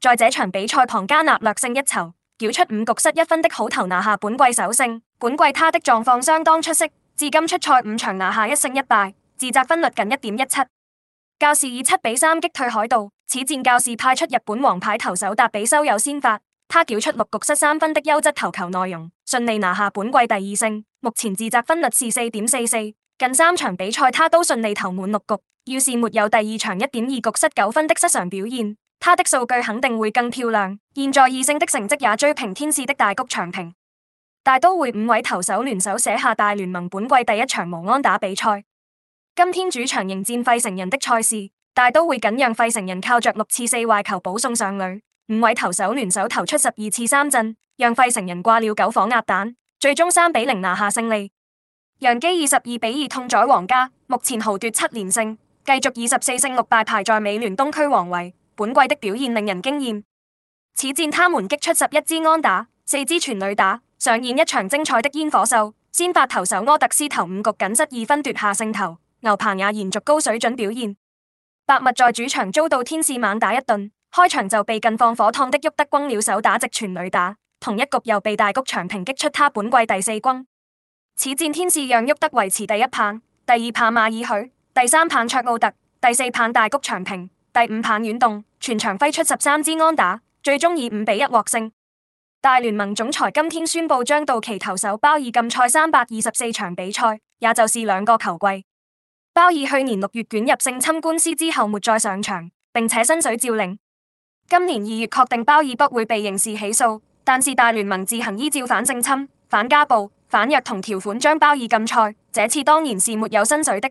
在這場比賽，旁加納略勝一籌，繳出五局失一分的好投，拿下本季首勝。本季他的狀況相當出色，至今出賽五場拿下一勝一敗，自責分率近一點一七。教士以七比三擊退海盜。此戰教士派出日本王牌投手達比修有先發，他繳出六局失三分的優質投球內容，順利拿下本季第二勝。目前自責分率是四點四四，近三場比賽他都順利投滿六局，要是沒有第二場一點二局失九分的失常表現，他的數據肯定會更漂亮。現在二勝的成績也追平天使的大谷翔平。大都會五位投手聯手寫下大聯盟本季第一場無安打比賽。今天主場迎戰費城人的賽事，大都會僅讓費城人靠着六次四壞球保送上壘，五位投手聯手投出十二次三振，讓費城人掛了九房鴨蛋，最終三比零拿下勝利。洋基二十二比二痛宰皇家，目前豪奪七連勝，繼續二十四勝六敗，排在美聯東區王位。本季的表現令人驚艷，此戰他們擊出十一支安打，四支全壘打，上演一場精彩的煙火秀。先發投手柯特斯投五局僅失二分奪下勝頭，牛棚也延續高水準表現。白襪在主場遭到天使猛打一頓，開場就被近況火燙的沃德轟了首打席全壘打。同一局又被大谷翔平擊出他本季第四轟。此戰天使讓沃德維持第一棒，第二棒馬爾許，第三棒卓奧特，第四棒大谷翔平。第五棒軟動，全場揮出十三支安打，最終以五比一獲勝。大聯盟總裁今天宣布，將道奇投手鮑爾禁賽三百二十四場比賽，也就是兩個球季。鮑爾去年六月捲入性侵官司之後，沒再上場，並且薪水照領。今年二月確定鮑爾不會被刑事起訴，但是大聯盟自行依照反性侵、反家暴、反虐童條款，將鮑爾禁賽。這次當然是沒有薪水的。